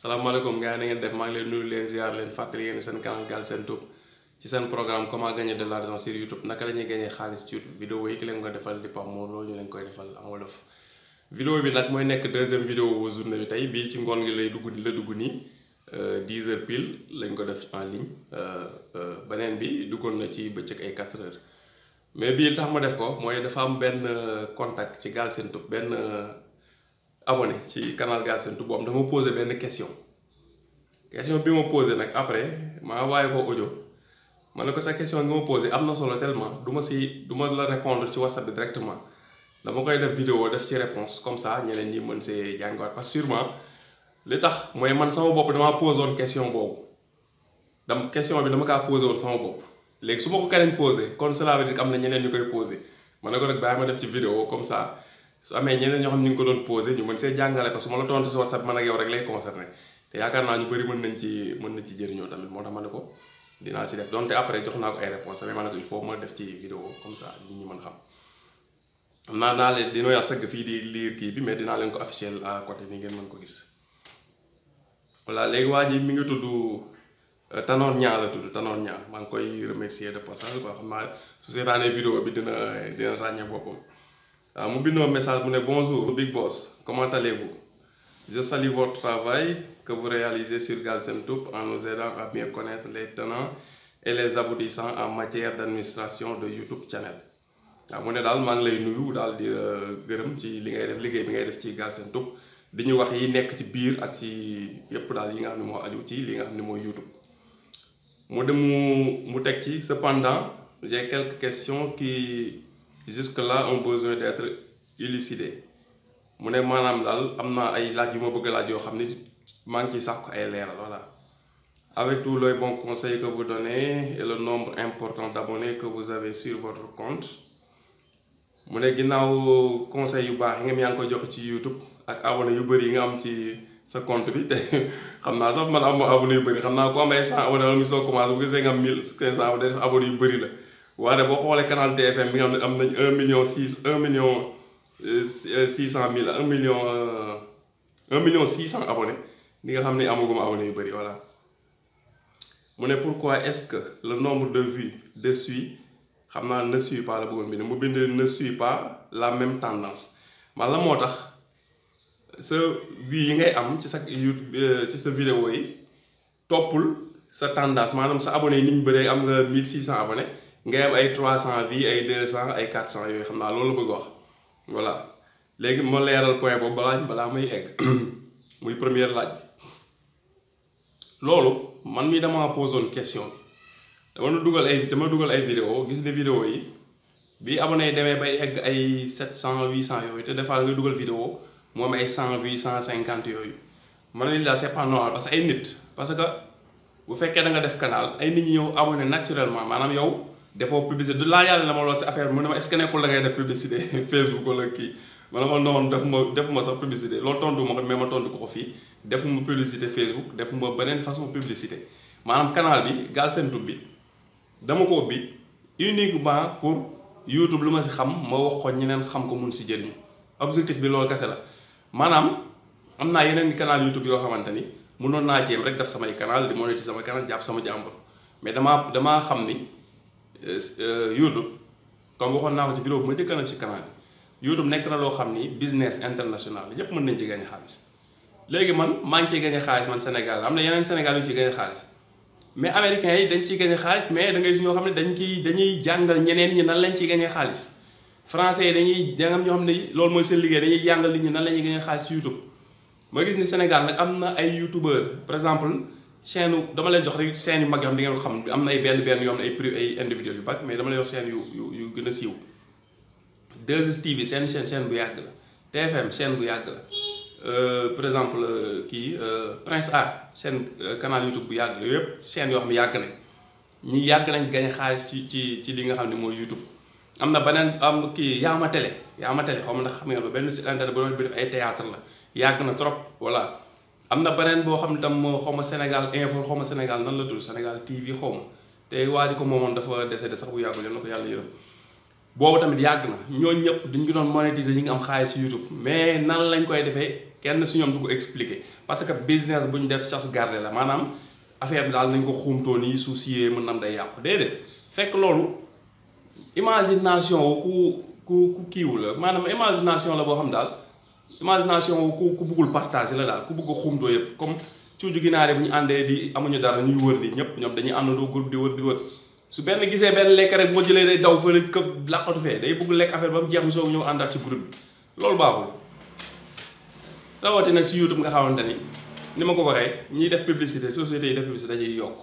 salaamaaleykum gars yi na ngeen def maa ngi leen nuyu leen ziar leen fàttali yéen seen canal Galsen Tube ci seen programme comment gagner de la sur YouTube naka la ñuy gagner xaalis ci YouTube vidéo yi leen ko defal di Pape Mor Lo ñu leen koy defal en wolof. vidéo bi nag mooy nekk deuxième vidéo journée bi tey bii ci ngoon gi lay dugg la dugg nii 10 euh, heures pile lañ ko def en ligne euh, euh, beneen bi duggoon na ci bëccëg ay 4 heures mais bii tax ma def ko mooy dafa am benn contact ci Galsen Tube benn. abonné ci canal Galsen Tube boobu dama posé benn question question bi ma posé nag après maa waaye ko audio ma ne ko sa question am na solo tellement du ma si du la répondre ci whatsapp bi directement dama koy def vidéo def ci réponse comme ça ñeneen ñi mën see jàngiwaat parce que sûrement li tax mooy man sama bopp damaa posé woon question boobu dama question bi dama kaa posé woon sama bopp léegi su ma ko keneen posé kon cela veut dire am na ñeneen ñu koy posé ma ne ko nag bàyyi ma def ci vidéo comme ça. su amee ñeneen ñoo xam ñu ngi ko doon posé ñu mën see jàngale parce que ma la tontu si whatsapp man ak yow rek lay concerné te yaakaar naa ñu bëri mën nañ ci mën nañ ci jëriñoo tamit moo tax ma ne ko dinaa si def naa ko ay réponses mais ma ne ko il faut ma def ci vidéo comme ça nit ñi xam naa naa leen dina yaa sëgg fii di liir kii bi mais dinaa leen ko affiché à côté nii ngeen mën ko gis voilà léegi waa ji mi ngi tudd euh, Tanor ñaar la tudd Tanor Niang maa ngi koy remercier de passage quoi xam naa su seetaanee vidéo bi dina dina ràññee boppam waaw ah, mu bind message bu ne bonjour Big Boss comment allez-vous je salue votre travail que vous réalisez sur Galsen Tube en nous aidant à bien connaître les tenants et les aboutissants en matière d'administration de YouTube channel waaw ah, mu ne daal maa ngi lay nuyu daal di euh, gërëm ci li ngay def liggéey bi ngay def ci Galsen Tube di ñu wax yi nekk ci biir ak ci yépp daal yi nga xam ne moo aju ci li nga xam ne mooy YouTube mu dem mu mu teg ci cependant j'ai quelques questions jusque-là ont besoin d'être élucidés mu ne maanaam daal am na ay laaj yu ma bëgg laaj yoo xam ni maa ngi ciy sàkku ay leeral voilà avec tous les bons conseils que vous donnez et le nombre important d'abonnés que vous avez sur votre compte mu ne ginnaaw conseil yu baax yi nga yaa ngi koy joxe ci YouTube ak abonné yu bëri yi nga am ci sa compte bi te xam naa sax man am yu bëri xam naa ko am ay cent abonné yu bëri la waaye boo xoolee canal TFM bi nga am nañ un million six un million euh, six cent mille un million euh, un million six cent abonnés li nga xam ne amaguma abonnés yu bëri voilà mu ne pourquoi est-ce que le nombre de vues de suit xam naa ne suit pas la bëggoon bind mu bind pas la même tendance man moo tax sa yi ngay am ci sa YouTube euh, ci sa vidéo yi toppul sa tendance maanaam sa abonnés yi ni ñu bëree am nga mille six cent abonnés ngay am ay 300 vies ay 200 ay 400 yooyu xam naa loolu la bëgg wax voilà léegi ma leeral point boobu balaa balaa may egg première laaj loolu man mi dama posoon question bi dama dugal ay dama dugal ay vidéo gis ne vidéo yi bi abonné yi demee bay egg ay 700 800 yooyu te defaat nga dugal vidéo mu am ay 100 cent 150 yooyu man a lii daal c'est pas normal parce que nit parce que bu fekkee da nga def canal ay nit ñi ñëw abonné naturellement maanaam yow. defoo publicité du laa yàlla na ma lool si affaire bi mu ne ma est ce que nekkul da ngay def publicité Facebook wala kii ma ne ma noonu def ma def ma sax publicité loolu tontu ma ko mais ma tontu ko ko fii def ma publicité Facebook def beneen façon publicité maanaam canal bi Galsen Tube bi dama ko ubbi uniquement pour YouTube lu ma si xam ma wax ko ñeneen xam ko mun si jëriñu objectif bi loolu kese la maanaam am naa yeneen canal YouTube yoo xamante ni mënoon naa ci yem def samay canal di monétiser sama canal jàpp sama jàmbur mais damaa damaa xam ni. Euh, YouTube comme waxoon naa ko ci vidéo bu ma njëkk na ci canal bi YouTube nekk na loo xam ni business international la ñëpp mën nañ ci gagné xaalis léegi man maa ngi ciy gagné xaalis man Sénégal am na yeneen Sénégal yu ciy mais américains yi dañ ciy gagné xaalis mais dangay gis ñoo xam ne dañ kiy dañuy jàngal ñeneen ñi nan lañ ci gagné xaalis français yi dañuy da ñoo xam ne loolu mooy seen liggéey dañuy jàngal nit ñi nan la ñuy gagné xaalis ci YouTube ma gis ni Sénégal nag am na ay youtubeur par exemple. chaîne dama leen jox rek chaîne yu mag yoo xam di ngeen ko xam am na ay benn benn yoo ay prix ay individuel yu bari mais dama leen jox chaîne yu yu yu gën a siiw 2STV seen chaîne bu yàgg la TFM seen bu yàgg la euh, par exemple euh, kii euh, Prince Art chaîne bu yàgg yëpp chaîne yoo xam yàgg nañ ñi yàgg nañ gañ xaalis ci ci ci li nga xam ne mooy YouTube am na beneen am kii Yaama Télé Yaama Télé xaw ma ndax xam nga benn site internet bu doon bi def ay théâtre la yàgg na trop voilà am na beneen boo xam ne tam xaw ma Sénégal info xaw ma Sénégal nan la tudd Sénégal TV xaw ma te waa ji ko moomoon dafa décédé sax bu yàggul yal na ko yàlla yërëm boobu tamit yàgg na ñooñu ñëpp dañ ko doon monétiser ñi ngi am xaalis si YouTube mais nan lañ koy defee kenn su ñoom du ko expliquer parce que business bu ñu def chasse gardée la maanaam affaire daal nañ ko xuumtoo nii su siiwee mën nam day yàqu déedéet fekk loolu imagination ku ku ku kiiw la maanaam imagination la boo xam daal. imagination ku ku buggul partager la daal ku bugg a xumtoo yëpp comme cuuju ginaare bu ñu àndee di amuñu dara ñuy wër nii ñëpp ñoom dañuy àndandoo groupe di wër di wër su benn gisee benn lekk rek boo jëlee day daw fële këpp làqatu fee day bugg lekk affaire ba mu jeex mu soog ñëw àndaat ci groupe bi loolu baaxul rawatina si YouTube nga xamante ni ni ma ko waxee ñiy def publicité société yi def publicité dañuy yokk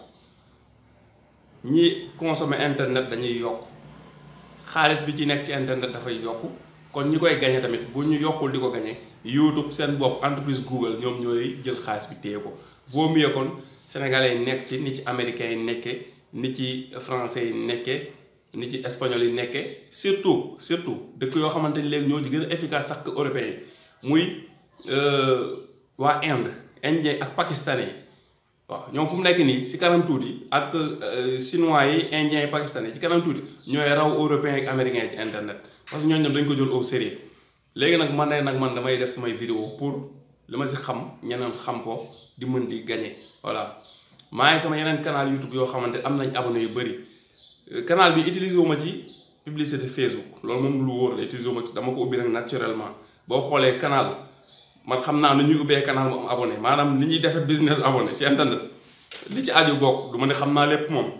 ñi consommer internet dañuy yokk xaalis bi ci nekk ci dafay yokk kon ñi koy gañe tamit bu ñu yokkul di ko gañe YouTube seen bopp entreprise Google ñoom ñooy jël xaalis bi téye ko vaut mieux kon sénégalais yi nekk ci ni ci américains yi nekke ni ci français yi nekke ni ci espagnol yi nekke surtout surtout dëkk yoo xamante ni léegi ñoo ci gën a efficace sax que européens muy euh, waa Inde indien ak pakistanais yi waaw ñoom fu mu nekk nii si kanam tuuti ak euh, chinois yi indiens yi pakistanais yi ci kanam tuuti ñooy raw européens ak américains yi ci internet parce que ñooñu dañ ko jël au sérieux léegi nag man ne nag man damay def samay vidéo pour li ma si xam ñeneen xam ko di mën di gagner voilà maa ngi sama yeneen canal YouTube yoo xamante am nañ abonné yu bëri euh, canal bi utiliser wu ma ci publicité Facebook loolu moom lu wóor la utiliser ma ci dama ko ubbi nag naturellement boo xoolee canal man xam naa ni ñuy ubbee canal bu am maanaam li ñuy defee business abonné ci internet li ci aju bokk du ma ne xam naa lépp moom.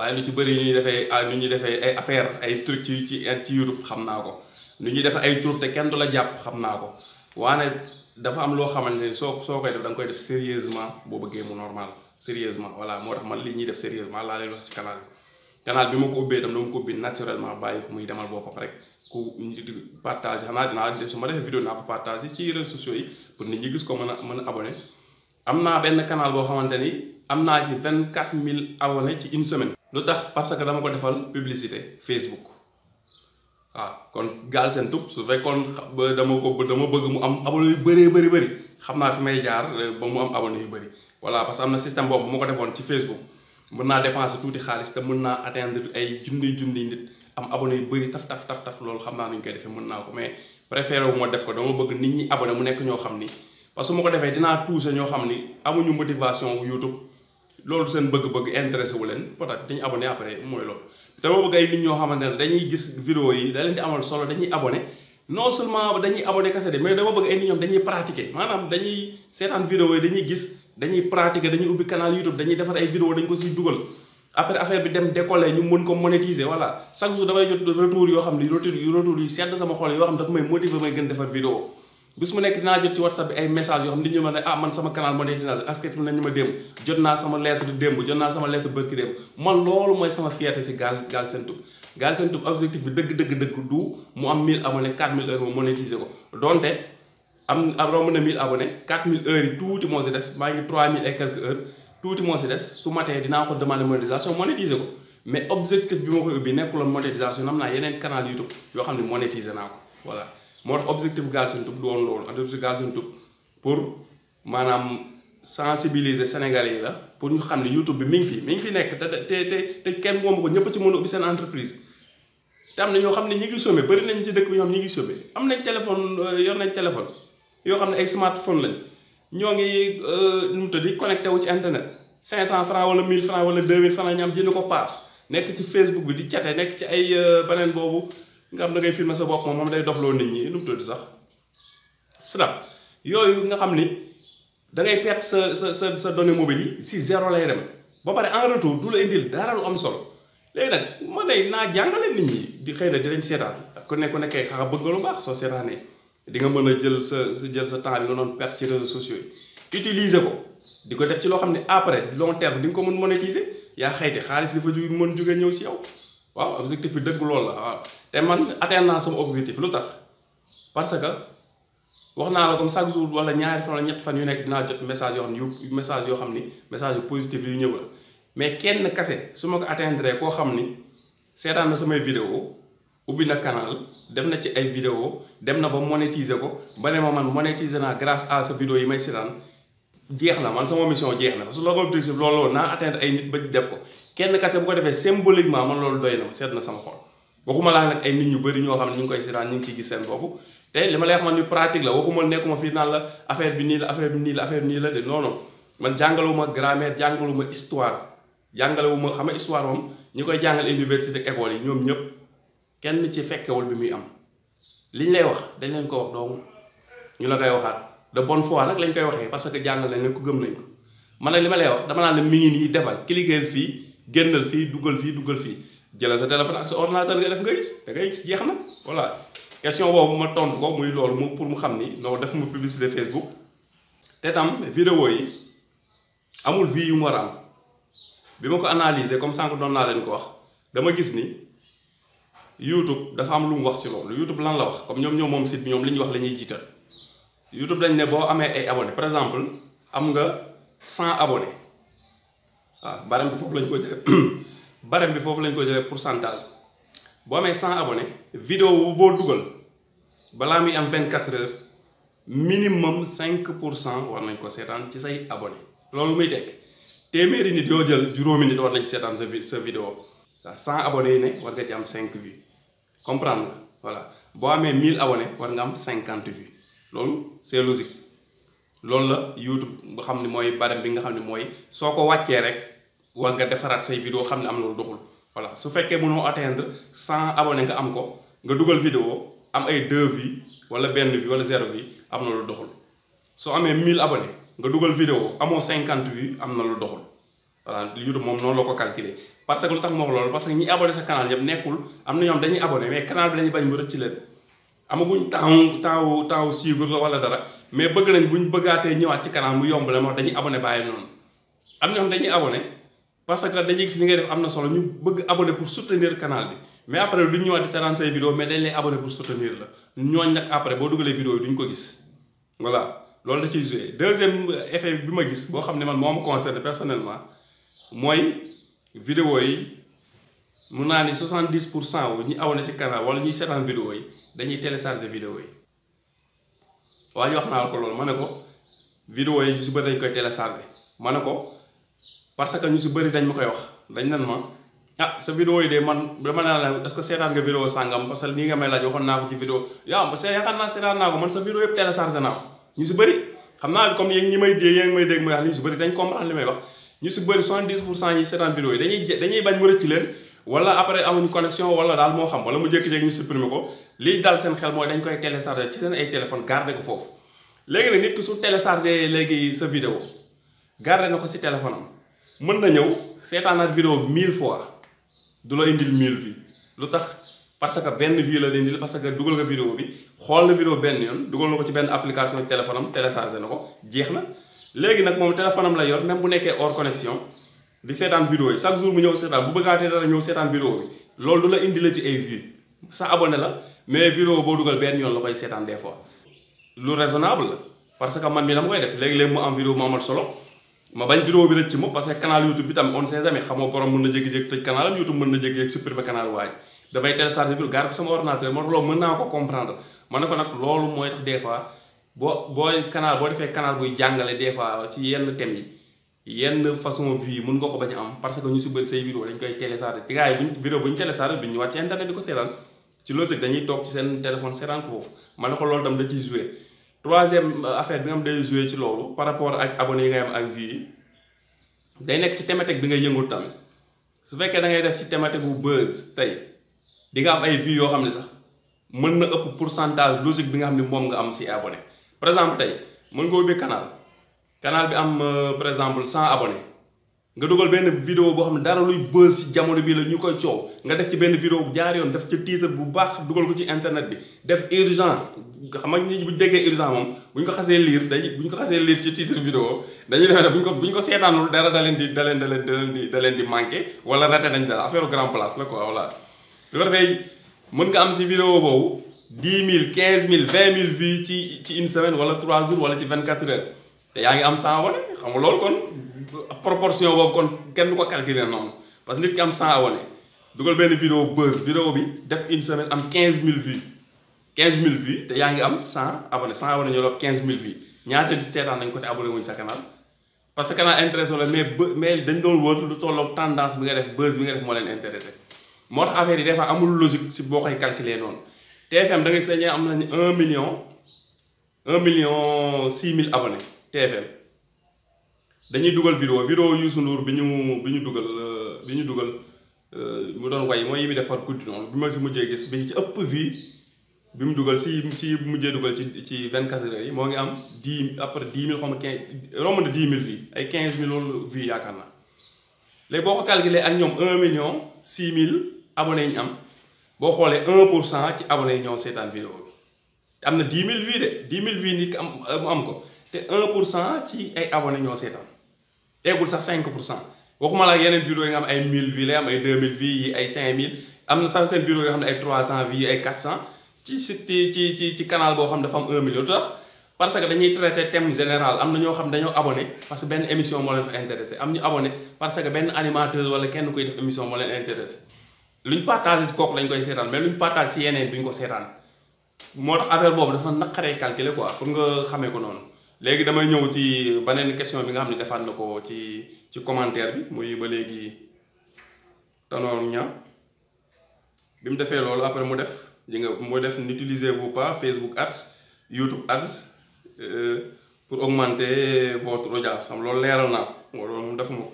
waaye lu bëri ñu defee nu ah, ñuy defee ay affaire ay truc ci ci ci Europe xam naa ko nu ñuy def ay truc te kenn du la jàpp xam naa ko waa waane dafa am loo xamante ni soo soo koy def da nga koy def sérieusement boo bëggee mu normal sérieusement voilà moo tax man lii ñuy def sérieusement laa leen wax ci canal bi canal bi ma ko ubbee itam dama ko ubbi naturellement bàyyi ko muy demal boppam rek ku partage xanaa dinaa def su ma defee vidéo naa ko partage ci réseaux yi pour nit ñi gis ko mën a mën am naa benn canal boo xamante ni am naa ci vingt quatre mille abonné ci une semaine lu tax parce que dama ko defal publicité Facebook waaw ah, kon gaal seen tub su fekkoon ba dama ko dama bëgg mu am abonné yu bëree bëri bëri xam naa fi may jaar eh, ba mu am abonné yu bëri voilà parce que am na système boobu bu ma ko defoon ci Facebook mën naa dépenser tuuti xaalis te mën naa atteindre ay junni junni nit am abonné yu bëri taf taf taf taf loolu xam naa nu ñu koy defee mën naa ko mais préféré wu ma def ko dama bëgg nit ñi abonné mu nekk ñoo xam ni parce que su ma ko defee dinaa toucher ñoo xam ni amuñu motivation wu YouTube loolu seen bëgg-bëgg intéressé wu leen peut-être dañu abonné après mooy loolu dama bëgg ay nit ñoo xamante ne dañuy gis vidéo yi da amal solo dañuy abonné non seulement dañuy abonné kese de mais dama bëgg ay nit ñoom dañuy pratiquer maanaam dañuy seetaan vidéo yi dañuy gis dañuy pratiquer dañuy ubbi canal YouTube dañuy defar ay vidéo dañ ko siy dugal après affaire bi dem décoller ñu mën ko monétiser voilà chaque jour damay jot retour yoo xam ne retour yu retour yu sedd sama xol yoo xam daf may motiver may gën defar vidéo bis mu nekk dinaa jot ci whatsapp bi ay message yoo xam ne li ñu ma ne ah man sama canal monétisation askan wi nañu ma démb jot naa sama lettre démb jot naa sama lettre bërki démb man loolu mooy sama fierté si gaal gaal seen tub gaal seen bi dëgg dëgg dëgg du mu am 1000 abonnés 4000 heures mu monétiser ko donte am romb na 1000 abonnés 4000 heures tuuti moo si des maa ngi 3000 et quelques heures tuuti moo si des su matee dinaa ko demander monétisation monétiser ko mais objectif bi ma koy ubbi nekkuloon monétisation am naa yeneen canal YouTube yoo xam ne monétiser naa ko moo tax objectif Galsen Tube du woon pour maanaam sensibiliser Sénégalais yi la pour ñu xam ne bi mi ngi fi mi ngi fi nekk te te te kenn moomu ko ñëpp ci mën seen entreprise te na ñoo xam ne ñi ngi sommé bëri nañ ci dëkk bi ñi ngi sommé am nañ téléphone euh, yor nañ téléphone yoo xam ne ay smartphone lañ ñoo ngi euh, nu mu tëddi connecté wu ci internet 500 francs wala 1000 francs wala 2000 francs ñu am jënd ko paas nekk ci Facebook bi di cate nekk ci ay euh, beneen boobu. nga xam da ngay filmer sa bopp moom moom day dofloo nit ñi nu mu nga xam ni da ngay perte sa sa sa sa données mobiles yi si zéro lay dem ba pare en retour du la indil dara lu am solo léegi nag ma ne naa jàngale nit ñi di xëy na dinañ seetaan ku ne ku ne kay xaxa bëgg lu baax soo seetaanee di nga mën a jël sa sa jël sa temps bi nga doon perte ci réseaux sociaux yi utiliser ko di ko def ci loo xam ne après long terme di ko mën monétiser yaa xëyti xaalis dafa ju mën jóge ñëw si yow waaw objectif te man atteindre naa sama objectif lu tax parce que wax naa la comme chaque jour wala ñaari fan wala ñett fan yu nekk dinaa jot message yoo xam message yoo xam ni message yu positif yu ñëw la mais kenn kase su ma ko atteindre koo xam ni seetaan na samay vidéo ubbi na canal def na ci ay vidéo dem na ba monétiser ko ba ne ma man monétiser naa grâce à sa vidéo yi may seetaan jeex na man sama mission jeex na parce que loolu objectif loolu naa atteindre ay nit ba def ko kenn kase bu ko defee symboliquement man loolu doy na ma seet na sama xol waxuma laa nag ay nit ñu bëri ñoo xam ne ñu ngi koy seetaan ñu ngi ciy gis seen bopp te li ma lay wax man ni pratique la waxuma nekkuma fii naan la affaire bi nii la affaire bi nii la affaire bi nii la de non non man jàngalewuma grammaire jàngalewuma histoire jàngalewuma xam nga histoire moom ñi koy jàngal université école yi ñoom ñëpp kenn ci fekkewul bi muy am liñ lay wax dañ lañ ko wax doomu ñu la koy waxaat de bon foi nag lañ koy waxee parce que jàngal nañ ko gëm nañ ko man li ma lay wax dama naan la mi ngi defal cliquer fii génnal fii duggal fii duggal fii jëlal sa téléphone ak sa ordinateur nga def nga gis da ngay gis jeex na voilà question boobu ma tontu ko muy loolu moom pour mu xam ni non def ma publicité Facebook te tam vidéo yi amul vie yu mu war a bi ma ko analyser comme sànq doon naa leen ko wax dama gis ni YouTube dafa am lu mu wax ci loolu YouTube lan la wax comme ñoom ñoo moom site bi ñoom li ñuy wax la ñuy jiital YouTube dañ ne boo amee ay abonné par exemple am nga 100 abonné waaw barem bi foofu lañ ko barème bi foofu lañ ko jëlee pourcentage boo amee cent abone video vidéo boo dugal balaa muy am vingt quatre heures minimum cinq pour cent war nañ ko seetaan ci say abonnés loolu muy tekk téeméeri nit yoo jël juróomi nit war nañ seetaan sa sa vidéo waaw cent abonnés yi ne war nga ci am cinq vues comprendre nga voilà boo amee mille abonnés war nga am cinquante vie loolu c'est logique loolu la YouTube nga xam ne mooy barème bi nga xam ne mooy soo ko wàccee rek. war nga defaraat say vidéo xam ne am na lu doxul voilà su fekkee mënoo atteindre cent abonnés nga am ko nga dugal vidéo am ay deux vues wala benn vue wala zéro vue am na lu doxul soo amee mille abonnés nga dugal vidéo amoo cinquante vues am na lu doxul voilà YouTube moom noonu la ko calculer parce que lu tax ma wax loolu parce que ñi abonné sa canal yëpp nekkul am na ñoom dañuy abonné mais canal bi lañuy bañ mu rëcc leen amaguñ temps temps temps suivre la wala dara mais bëgg bu ñu bëggaatee ñëwaat ci canal mu yomb la moo dañuy abonné bàyyi noonu am na ñoom dañuy abonné parce que dañuy gis li ngay def am na solo ñu bëgg abonné pour soutenir canal bi mais après duñ ñëwaat di seetaan say vidéo mais dañ lay abonné pour soutenir la ñooñ nag après boo dugalee vidéo yi ko gis voilà loolu da ciy joué deuxième effet bi ma gis boo xam ne man moo ma concerné personnellement mooy vidéo yi mun naa ni 70 pour cent wu ñi abonné ci canal wala ñuy seetaan vidéo dañuy télécharger vidéo yi waaye wax naa ko loolu ma ne ko vidéo yi su ba dañ koy télécharger ma ne ko parce que ñu si bëri dañ ma koy wax dañ nan ma ah sa vidéo yi de man dama ne la est-ce que seetaan nga vidéo sàngam parce que nii nga may laaj waxoon naa ko ci vidéo yaa am parce que yaakaar naa seetaan naa ko man sa vidéo yëpp téléchargé naa ko ñu si bëri xam naa comme yéen ñi may dégg yéen may dégg si bëri dañ comprendre si wala daal moo xam wala mu jékki-jékki ñu supprimer ko lii dal seen xel mooy koy téléchargé seen ay téléphone garder ko foofu léegi nag nit ki su téléchargé léegi sa vidéo garder na ko si téléphone am mën na ñëw seetaanaat vidéo bi mille fois du la indil mille vues lu tax parce que benn vue la la parce que dugal nga vidéo bi xool na vidéo benn yoon dugal na ko ci benn application téléphone am téléchargé na ko jeex na léegi nag moom téléphone la yor même bu nekkee hors connexion di seetaan vidéo yi chaque jour mu ñëw seetaan bu bëggaatee dara ñëw seetaan vidéo bi loolu du la indi la ci ay vues sa abonné la mais vidéo boo dugal benn yoon la koy seetaan des fois lu raisonnable la parce que man mi dama koy def léegi-léegi mu am vidéo solo ma bañ vidéo bi rëcc ma parce que canal YouTube bi tam on sait jamais xamoo borom mën na jékki-jékki tëj canal am YouTube mën naa ko comprendre ma ne ko nag loolu mooy tax des boo boo canal defee canal buy jàngale des fois ci yenn thèmes yi yenn façon vie mën nga ko bañ am parce que ñu si bëri koy télécharger te gars yi buñ vidéo buñ télécharger duñ ñëwaat ci internet di ko seetaan ci loolu dañuy ko foofu ma ne ko loolu tam da ciy troisième euh, affaire bi nga xam day joué ci loolu par rapport ak abonné yi ngay am ak vues yi day nekk ci tématique bi ngay yëngu tamit su fekkee da ngay def ci thématique bu buzz tey di nga am ay vues yoo xam ne sax mën na ëpp pour pourcentage logique bi nga xam ne moom nga am si abonné par exemple tey mën nga ubbi canal canal bi am euh, par exemple cent abonné nga dugal benn vidéo boo xam ne dara luy bës jamono bii la ñu koy coow nga def ci benn vidéo bu jaar yoon def ci titre bu baax dugal ko ci internet bi def urgent xam nga bu déggee urgent moom bu ko xasee lire dañuy bu ko xasee lire ci titre vidéo dañuy defee ne ko bu ñu ko seetaanul dara da leen di da leen da leen di leen di manqué wala raté nañ dara affaire grand place la quoi voilà. mën nga am si vidéo boobu dix mille quinze mille vingt mille vues ci ci une semaine wala trois jours wala ci vingt quatre heures te yaa ngi am cent wane lool nga kon. proportion boobu kon kenn du ko calculer noonu parce que nit ki am 100 abonnés dugal benn vidéo buzz vidéo bi def une semaine am 15000 vues 15000 vues te yaa ngi am 100 abonnés 100 abonnés ñoo la am 15000 vues ñaata di seetaan ko te abonné wuñ sa canal parce que canal intéressé la ba mais dañ doon wër lu tolloog tendance bi nga def buzz bi nga def moo leen intéressé moo tax affaire yi des fois amul logique si boo koy calculer noonu TFM da ngay sañee am nañu 1 million 1 million 6 mille abonnés TFM. dañuy dugal vidéo vidéo Youssou Ndour bi ñu bi ñu dugal euh, bi ñu dugal euh, mu doon way mooy yi muy def par coup du bi ma si mujjee gis bi ci ëpp vie bi mu dugal si si mujjee dugal ci ci vingt quatre heures yi moo ngi am dix après dix mil xaw a quinze romb mille vie ay quinze mille loolu yaakaar naa léegi boo ko ak ñoom un million six mille abonnés ñu am boo xoolee un pour cent ci abonnés yi ñoo seetaan vidéo bi am na dix mille vie de dix mille vie ni am mu am ko te un pour cent ci ay abonnés ñoo seetaan. eggul sax 5 pour cent waxuma la yeneen vidéo yi nga xam ay 1000 vues lay am ay 2000 vues yi ay 5000 am na sax seen vidéo yoo xam ne ay 300 vues yi ay 400 ci ci ci ci ci canal boo xam dafa am 1 million tax parce que dañuy traité thème général am na ñoo xam dañoo abonné parce que benn émission moo leen fa intéressé am ñu abonné parce que benn animateur wala kenn koy def émission moo leen intéressé luñ ko seetaan moo boobu dafa naqaree calculer quoi pour nga xamee ko noonu. léegi damay ñëw ci beneen question bi nga xam ne defaat na ko ci ci commentaire bi muy ba léegi Tanor Niang bi mu defee loolu après mu def li nga mu def n'utilisez-vous pas Facebook ats YouTube ads euh, pour augmenter votre audience xam loolu leeral naa ko loolu moom defuma ko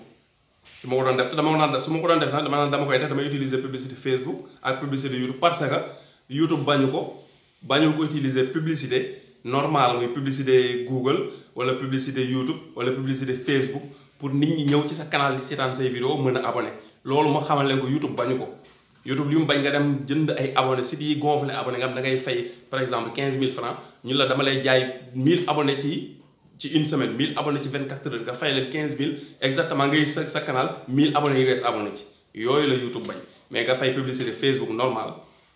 su ma ko doon def te dama ko daan def su ma ko doon def sax dama koy def damay utiliser publicité Facebook ak publicité YouTube parce que YouTube bañu ko bañu ko utiliser publicité. normal muy publicité Google wala publicité YouTube wala publicité Facebook pour nit ñi ñëw ci sa canal di seetaan say vidéo a abonné loolu ma xamal leen ko YouTube bañu ko YouTube li bañ nga dem jënd ay abonné site yi gonflé abonné nga xam ngay fay par exemple quinze mille francs ñu la dama lay jaay mille abonné ci ci une semaine mille abonné ci vingt quatre heures fay leen quinze mille exactement ngay sa sa canal mille abonné yi wees abonné ci yooyu la YouTube bañ mais nga fay publicité Facebook normal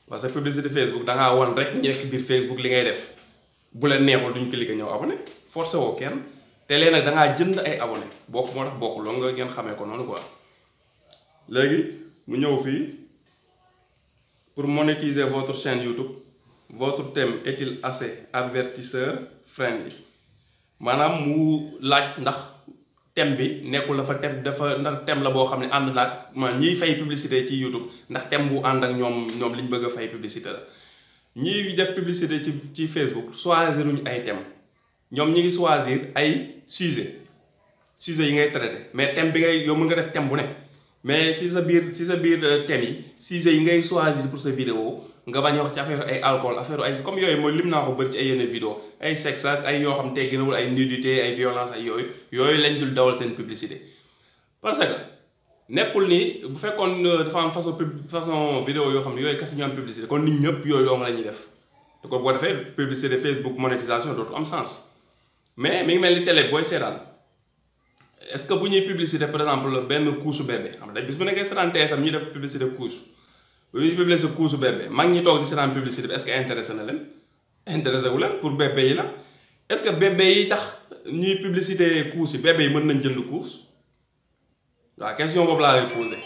parce que publicité Facebook da ngaa wan rek ñu nekk biir Facebook li ngay def. bu la neexul duñ cliquer ñëw abonné forcé woo kenn te léegi nag da ngaa jënd ay abonné bokk moo tax bokk loo nga ngeen xamee ko noonu quoi. léegi mu ñëw fii pour monétiser votre chaîne YouTube votre thème est-il assez advertiseur friendly maanaam mu laaj ndax thème bi nekkul dafa thème dafa ndax thème la boo xam ne ànd naag ma ñiy fay publicité ci YouTube ndax thème bu ànd ak ñoom ñoom liñ bëgg a publicité la. ñiy def publicité ci ci Facebook choisir ñu ay thème ñoom ñi ngi choisir ay sujet sujet yi ngay traité mais thème bi ngay yow mën nga def thème bu ne mais si sa biir si sa biir euh, thème yi sujet yi ngay choisir pour sa vidéo nga bañ wax ci affaire ay alcool affaire ay comme yooyu mooy lim naa ko bëri ci ay yenn vidéo ay sexe ak ay yoo xam tegginawul ay nudité ay violence ay yooyu yooyu lañ dul dawal seen publicité parce que nekkul ni bu fekkoon euh, dafa am façon pub façon vidéo yoo xam ne yooyu kese ñu am publicité kon nit ñëpp yooyu yoo la ñuy def te ko boo defee publicité Facebook monétisation dootu am sens mais mi ngi mel ni télé booy seetaan est-ce que bu ñuy publicité par exemple benn couche bébé xam nga bis bu nekkee seetaan TFM ñuy def publicité couche bu ñuy publicité couche bébé mag ñi toog di seetaan publicité bi est-ce na leen intéressé wu leen pour bébé yi la est-ce que bébé yi tax ñuy publicité couche yi bébé yi mën nañ jënd couche. waaw question boobu laa lay posé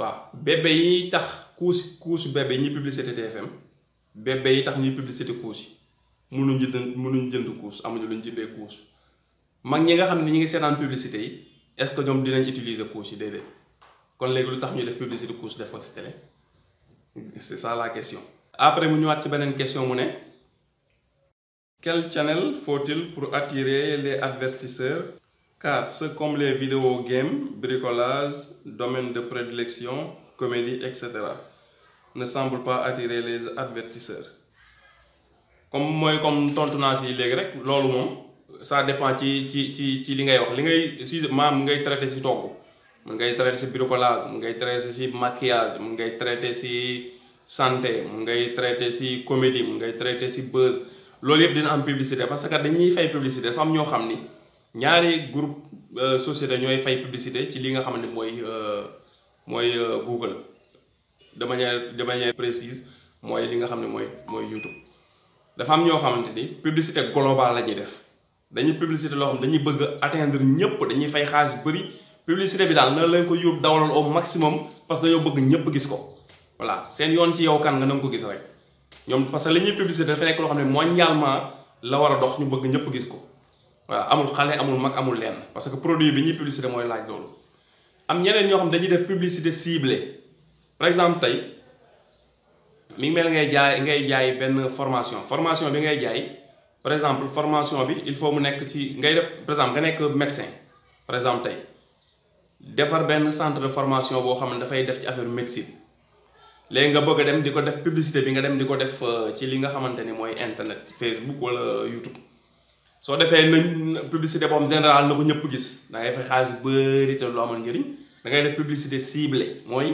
waaw bébé yi tax couche couche bébé ñuy publicité TFM bébé yi tax ñuy publicité couche yi mënuñ jënd mënuñ jënd couche amuñu luñ jëndee couche mag ñi nga xam ne ñu ngi seetaan publicité yi est ñoom dinañ utiliser couche yi déedéet kon léegi lu tax ñu def publicité couche def ko si télé c'est ça la question après mu ñëwaat ci beneen question mu ne. Quel channel faut-il pour attirer les advertiseurs Car ceux comme les vidéos games, bricolage, domaine de prédilection, comédie, etc. ne semblent pas attirer les advertiseurs. comme mooy comme tontu naa léegi rek loolu moom ça dépend ci ci ci ci li ngay wax li ngay si maam mu ngay traité si togg mu ngay traité si bricolage mu ngay traité si maquillage mu ngay traité si santé mu ngay traité si comédie mu ngay traité si buzz. loolu yëpp dina am publicité parce que dañuy fay publicité dafa am ñoo xam ni ñaari groupe euh, société ñooy fay publicité ci li nga xam ne mooy euh, mooy euh, Google de manière de manière précise li nga xam ne mooy mooy YouTube dafa am ñoo xamante ni publicité globale la ñuy def dañuy publicité loo xam dañuy bëgg atteindre ñëpp dañuy fay xaalis bëri publicité bi daal na lañ ko yóbbu dawlal au maximum parce que dañoo bëgg ñëpp gis ko voilà seen yoon ci yow kan nga na nga ko gis rek. ñoom parce que li ñuy publicité dafa nekk loo xam ne mondialement la war a dox ñu bëgg ñëpp gis ko waaw amul xale amul mag amul leen parce que produit bi ñuy publicité mooy laaj loolu. am ñeneen ñoo xam dañuy def publicité ciblée par exemple tey mi ngi mel ngay jaay ngay jaay benn formation formation bi ngay jaay par exemple formation bi il faut mu nekk ci ngay def par exemple nga nekk médecin par exemple tey defar benn centre de formation boo xam ne dafay def ci affaire médecine. léegi nga bëgg a dem di ko def publicité bi nga dem di ko def euh, ci li nga xamante ni mooy internet Facebook wala YouTube soo defee nañ publicité boobu général na ko ñëpp gis da ngay fay xaalis bëri te lu amoon njëriñ da ngay def publicité ciblée mooy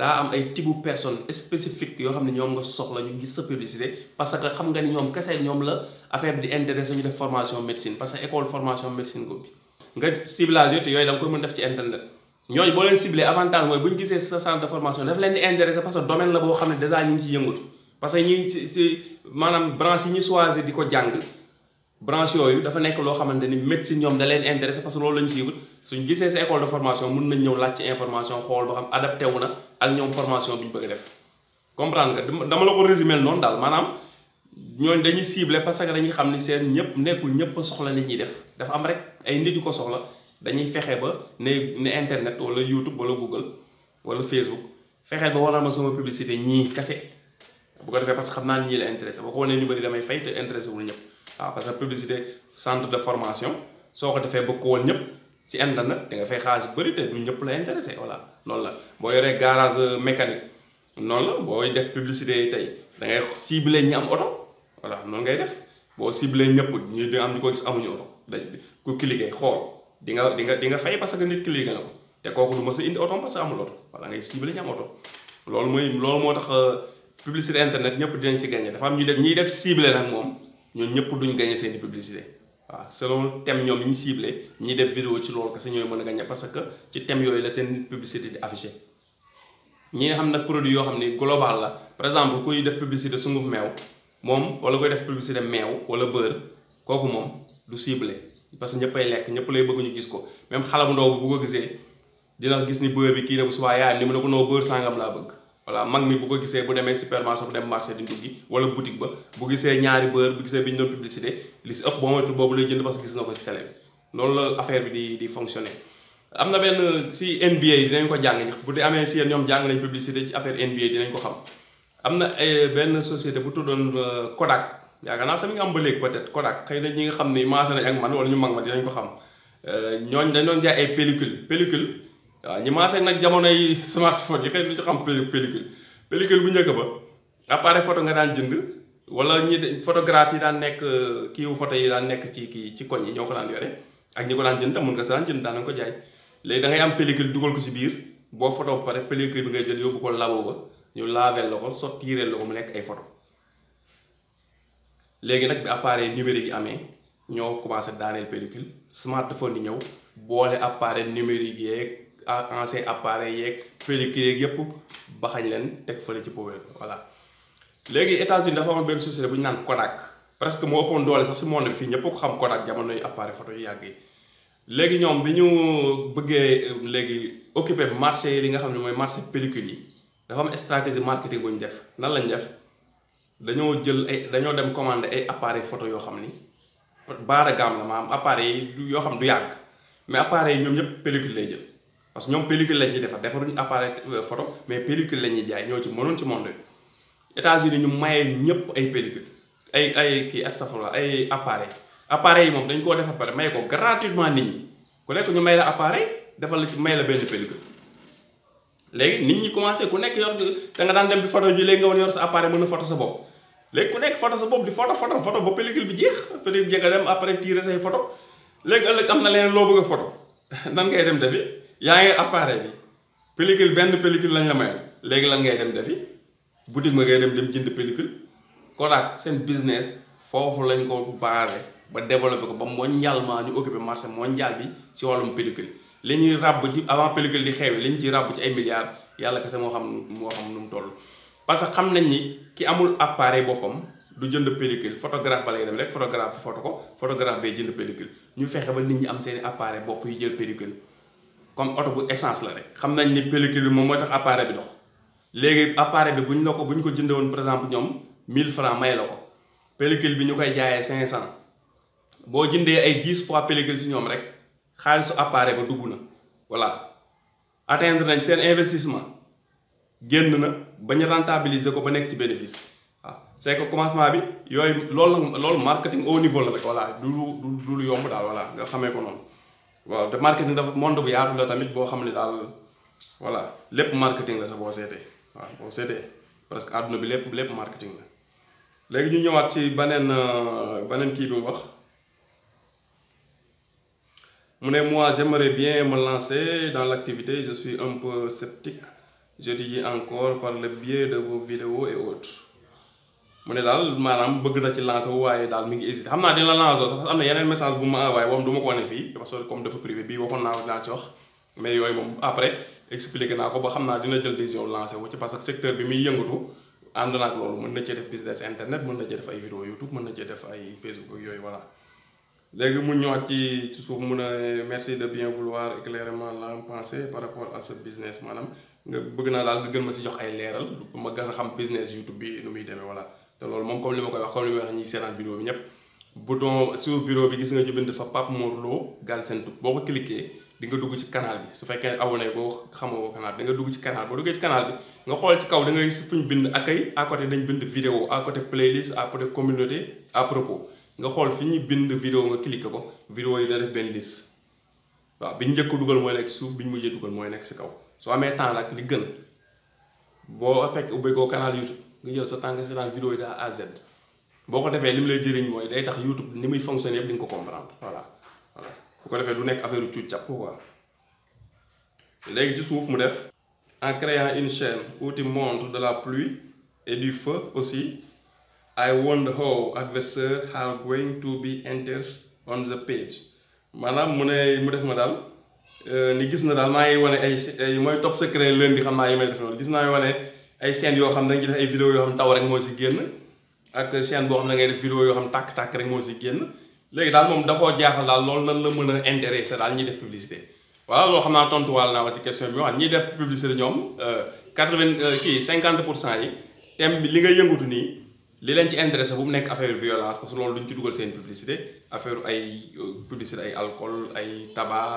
daa am ay tibu personne spécifique yoo xam ne ñoom nga soxla ñu gis sa publicité parce que xam nga ni ñoom kese ñoom la affaire bi di intéressé ñu def formation médecine parce que école formation médecine ko bi nga yooyu te yooyu mën def ci internet. ñooñu boo leen ciblé avantage mooy bu ñu gisee sa centre de formation daf leen di intéressé parce que domaine la boo xam ne dèjà ñu ngi ciy ñi ci maanaam branche yi ñu choisir di ko jàng branche yooyu dafa nekk loo xamante ni médecine ñoom da leen intéressé parce que loolu lañu suivre suñ gisee sa école de formation mun nañ ñëw laaj ci information xool ba xam adapté na ak ñoom formation bi ñu bëgg def comprendre nga dama la ko résumé noonu daal maanaam ñooñu dañuy ciblé parce que dañuy xam ni seen ñëpp nekkul ñëpp soxla li ñuy def dafa am rek ay nit yu ko soxla dañuy fexe ba ne ne internet wala YouTube wala Google wala Facebook fexe ba wanal ma sama publicité ñii kase bu ko defee parce que xam naa ñii la intéressé boo ko wanee ñu bëri damay fay te intéressé wul ñëpp waaw ah, parce que de formation soo ko defee bëgg ko woon ñëpp ci internet da nga fay xaalis bëri te du ñëpp la intéressé voilà noonu la boo yoree garage mécanique noonu la booy def publicité tey da ngay ciblé ñi am oto voilà noonu ngay def boo ciblé ñëpp ñu di am ñu ko gis amuñu oto dañ ku cliquer xool. di nga di nga di nga fay parce que nit ki liggéey na ko te kooku du ma sa indi oto parce que amul oto wala ngay ciblé ñu oto loolu mooy loolu moo tax euh, publicité internet ñëpp dinañ si gagné dafa am ñu def ñuy def ciblé nag moom ñun ñëpp duñ gagné seen i publicité waaw selon thème ñoom yi ñu ciblé ñiy def vidéo ci loolu kese ñooy mën a gagné parce que ci tem yooyu la seen publicité di affiché ñi nga xam nag produit yoo xam ne global la par exemple kuy def publicité sunguf meew moom wala koy def publicité meew wala beurre kooku moom du ciblé. parce que ñëppay lekk ñëpp lay bëgg ñu gis ko même xale bu ndaw bu ko gisee dina gis ni beurre bi kii na bu subaa yaayam ni mu ne ko noo beurre sangam laa bëgg voilà mag mi bu ko gisee bu demee supermarché bu dem marché di nduggi wala boutique ba bu gisee ñaari beurre bu gisee bi ñu doon publicité li si ëpp boobu lay jënd parce gis na ko si télé bi loolu la affaire bi di di fonctionner am na benn si NBA yi dinañ ko jàng bu di amee si yéen ñoom jàng nañ publicité ci affaire NBA dinañ am na eh, benn société bu tuddoon euh, Kodak yaakaar naa sax mi ngi am ba léegi peut-être Kodak xëy na ñi nga xam ni maase nañ ak man wala ñu mag ma dinañ ko xam euh, ñooñ dañ doon jaay ay pellicule pellicule bu njëkk ba appareil photo nga daan jënd wala ñi photographe yi daan nekk euh, kiiwu photo yi daan nekk ci kii ci koñ yi ñoo ko daan yore ak ñi ko daan jënd tam mun nga sa daan jënd daan nañ ko jaay léegi da am pellicule dugal ko si biir boo photo ba pare pellicule bi ngay jël yóbbu ko labo ba ñu laaveel la ko sottiireel la ko mu nekk ay photo léegi nag bi appareil numérique yi amee ñoo commencé daaneel pellicule smartphone yi ñëw boole appareil numérique yeeg ancien appareil yeeg pellicule yeeg yëpp baxañ leen teg fële ci poubelle voilà. léegi États-Unis dafa amoon benn société bu ñu naan Kodak presque moo ëppoon doole sax si monde bi fii ñëpp ko xam Kodak jamonoy appareil photo yu yàgg yi léegi ñoom bi ñu bëggee léegi occupé marché li nga xam ne mooy marché pellicule yi dafa am stratégie marketing bu ñu def nan lañ def. dañoo jël ay dañoo dem commandé ay appareil photo yoo xam ni baara gaam la maanaam appareil yi du yoo xam du yàgg mais appareil yi ñoom ñëpp pellicule lay jël parce que ñoom pellicule la ñuy defar defaruñu appareil euh, photo mais pellicule la ñuy jaay ñoo ci mënoon ci monde États-Unis ñu maye ñëpp ay pellicule ay ay kii astafurlah ay appareil appareil yi moom dañ koo defar pare maye ko gratuitement nit ñi ku nekk ñu may la appareil defal la ci may la benn pellicule léegi nit ñi commencé ku nekk yor da nga daan dem di photo ji léegi nga war yor sa appareil mën a photo sa bopp léegi ku nekk photo sa bopp di photo photo photo ba pellicule bi jeex pellicule bi jeex nga dem après tirer say photo léegi ëllëg am na leen loo bëgg foto photo nan ngay dem defi yaa ngi appareil bi pellicule benn pellicule lañ la mayoon léegi lan ngay dem defi boutique ma ngay dem dem jënd pellicule Kodak seen business foofu lañ ko basé ba développé ko ba mondialement ñu occupé marché mondial bi ci wàllum pellicule li ñuy ràbb ci avant pellicule di xeewi li ñu ciy ràbb ci ay milliards yàlla kese moo xam moo xam nu mu toll. parce que xam nañ ni ki amul appareil boppam du jënd pellicule photographe ba lay dem rek photographe photo ko photographe bay jënd pellicule ñu fexe ba nit ñi am seen i appareil bopp yu jël pellicule comme oto bu essence la rek xam nañ ni pellicule bi moom mooy tax appareil bi dox léegi appareil bi bu ñu la ko bu ñu ko jëndee woon par exemple ñoom 1000 francs may la ko pellicule bi ñu koy jaayee 500 boo jëndee ay 10 fois pellicule si ñoom rek. xaalis xaalisu appareil ba dugg na voilà atteindre nañ seen investissement génn na ba ñu rentabiliser ko ba nekk ci bénéfice waaw c'est que commencement bi yooyu loolu loolu marketing au niveau la rek voilà du lu du lu yomb nga xamee ko noonu waaw te marketing dafa monde bu yaatu la tamit boo xam ne daal voilà lépp marketing la sax boo seetee waaw boo seetee parce que àdduna bi lépp lépp marketing la léegi ñu ñëwaat ci beneen euh, beneen kii bi mu wax. mu ne moi j'aimerais bien me lancer dans l'activité je suis un peu sceptique je dis encore par le biais de vos vidéos et autres mu ne daal maanaam bëgg na ci lancer wu waaye daal mi ngi hésité xam naa dina lancer sax am na yeneen message bu fii parce que comme dafa privé bii waxoon naa ko wax mais yooyu moom après expliqué naa ko ba xam naa dina jël décision lancer wu ci parce que secteur bi muy yëngatu ànd na ak loolu mën na cee def business internet mën na cee def ay vidéo léegi mu ñëwaat ci ci suuf mu ne merci de bien vouloir éclairer ma la pensée par rapport à ce business maanaam nga bëgg naa daal nga gën ma si jox ay leeral ma gën a xam business YouTube bi nu muy demee voilà te loolu moom comme li ma koy wax comme li ma wax ñi seetaan vidéo bi ñëpp bouton bi gis nga bind fa Pape Mor Lo Galsen Tube boo ko cliqué di nga dugg ci canal bi su fekkee abonné boo xamoo ko canal bi di nga dugg ci canal boo duggee ci canal bi nga xool ci kaw da ngay gis fu bind accueil à dañ bind vidéo à côté playlist à côté communauté à propos nga xool fi ñuy bind vidéo nga cliqué ko vidéo yi da def benn liste waaw bi ñu njëkk dugal mooy nekk suuf bi ñu mujjee dugal mooy nekk si kaw soo amee temps nag li gën boo fekk ubbekoo canal YouTube nga jël sa temps nga seetaan vidéo yi daa boo ko defee li mu lay jëriñ mooy day tax YouTube ni muy fonctionner yëpp di nga ko comprendre voilà voilà bu ko defee du nekk affaire cuuc càpp quoi léegi ci suuf mu def en créant une chaîne où tu de la pluie et du aussi I wonder how adversaire are going to be enters on the page maanaam mu ne mu def ma daal eh, ni gis na daal maa ngi wane ay mooy top secret lundi xam naa yi may def noonu gis naa wane ay chaîne yoo xam ne dañuy def ay vidéo yoo xam taw rek moo si génn ak chaîne boo xam ngay def vidéo yoo xam tàkk-tàkk rek moo si génn léegi daal moom dafoo jaaxal daal loolu nan la mën a intéressé daal ñuy def publicité voilà loolu xam naa waal naa wax ci question bi wax ñiy def publicité ñoom eh, quatre-vingt eh, kii cinquante pour cent yi thème bi li nga yëngatu nii li leen ci intéressé bu mu nekk affaire violence parce que loolu duñ ci dugal seen publicité affaire ay euh, publicité ay alcool ay tabac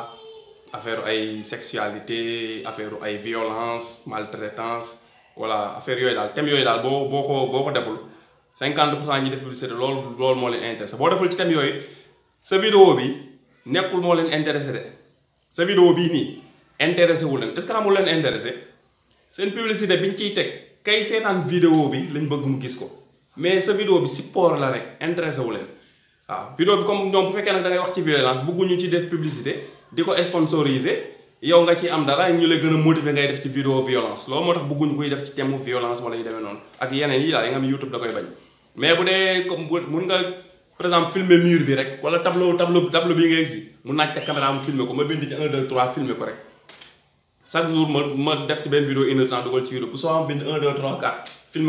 affaire ay sexualité affaire ay violence maltraitance voilà affaire yooyu daal thème yooyu daal boo boo ko boo ko deful cinquante pour cent ñi def publicité loolu loolu moo leen intéressé boo deful ci thème yooyu sa vidéo bi nekkul moo leen intéressé de sa vidéo bii nii intéressé wu leen est ce que xamul leen intéressé seen publicité biñ ciy teg kay seetaan vidéo bi lañ bëgg mu gis ko mais sa vidéo bi support la rek intéressé wu leen waaw vidéo bi comme ñoom bu fekkee nag da ngay wax ci violence bëgguñu ci def publicité di ko sponsoriser yow nga ci am dara ñu lay gën a motiver ngay def ci vidéo violence loolu moo tax bëgguñu koy def ci thème violence wala yu demee noonu ak yeneen yi daal yi nga xam YouTube da koy bañ mais bu dee comme mun nga par exemple filmer mur bi rek wala tableau tableau tableau bii ngay si mu naaj te caméra mu filmer ko ma bind ci 1 ma def ci benn vidéo une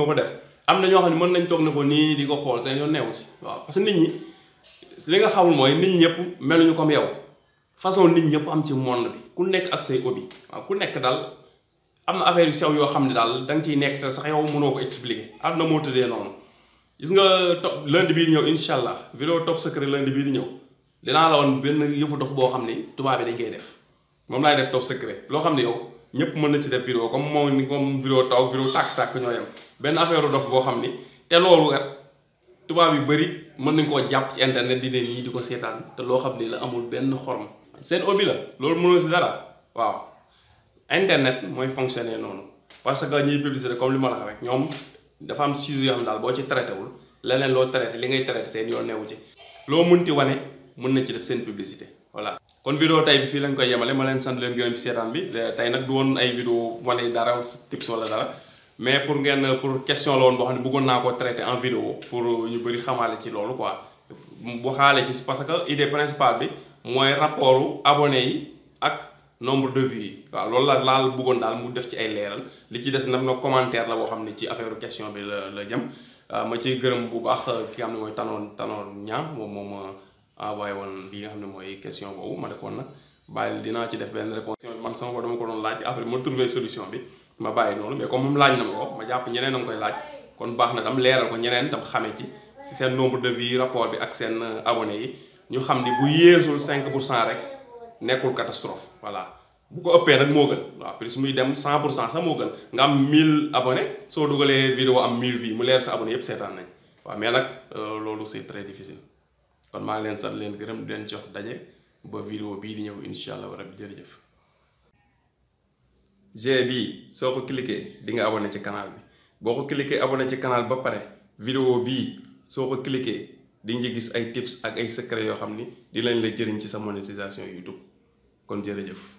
ko def. am na ñoo xam ne mën nañ toog na ko nii di ko xool seen yoon neewu si waaw parce que nit ñi li nga xamul mooy nit ñëpp meluñu kom yow façon nit ñëpp am ci monde bi ku nekk ak say hobby waaw ku nekk daal am na affaire yu sew yoo xam ne daal da nga ciy nekk te sax yow mënoo ko expliquer am na moo tëddee noonu gis nga top lundi bii di ñëw incha allah vidéo top secret lundi bii di ñëw dinaa la woon benn yëfu dof boo xam ni tubaab bi dañ koy def moom laay def top secret loo xam ne yow ñëpp mën na ci def vidéo comme moom ni comme vidéo taw vidéo tàkk-tàkk ñoo yem benn affaire dof boo xam ni te loolu kat er, tubaab yu bëri mën nañ koo jàpp ci internet di leen yii di ko seetaan te loo xam ni la amul benn xorom seen hobby la loolu mënoo si dara waaw internet mooy fonctionner noonu parce que ñuy publicité comme li ma la rek ñoom dafa am sujet yoo xam daal boo ci traité wul leneen loo traité li ngay traité seen yoon newu ci loo mun munti wane mën na ci def seen publicité voilà kon vidéo tay bi fii lañ koy yemale ma leen sant leen gërëm ci seetaan bi tey nag du woon ay vidéo wane dara tips wala dara mais pour ngeen pour question la woon boo xam ne bëggoon naa ko traité en vidéo pour ñu bëri xamaale ci loolu quoi bu xaale ci parce que idée principale bi mooy rapportu abonné yi ak nombre de vues yi waaw loolu la laal bëggoon daal mu def ci ay leeral li ci des nag na commentaire la boo xam ne ci affaire question bi la la jëm ah, ma ci gërëm bu baax ki am xam ne mooy tanoon tanoon envoyé woon li nga xam ne mooy question boobu ma ne koon nag bàyyi dinaa ci def benn réponse man sama bopp dama ko doon laaj après ma trouvé solution bi ma bàyyi noonu mais comme moom laaj na ma ko ma jàpp ñeneen na ngi koy laaj kon baax na tam leeral ko ñeneen tam xamee ci si seen nombre de vues rapport bi ak seen euh, abonné yi ñu xam ni bu yéesul cinq pour cent rek nekkul catastrophe voilà bu ko ëppee nag moo gën waaw plus muy dem 100 pour cent sax moo gën nga am 1000 abonnés soo dugalee vidéo am 1000 vues mu leer sa abonné yëpp seetaan nañ waaw mais nag euh, loolu c'est très difficile kon maa ngi leen sant leen gërëm leen jox daje ba vidéo bii di ñëw incha allah rabbi jërëjëf. G bii soo ko cliquer di nga abonné ci canal bi boo ko cliquer abonné ci canal ba pare vidéo bii soo ko cliquer di nga gis ay tips ak ay secret yoo xam ni di lañ la jëriñ ci sa yuy YouTube kon jërëjëf.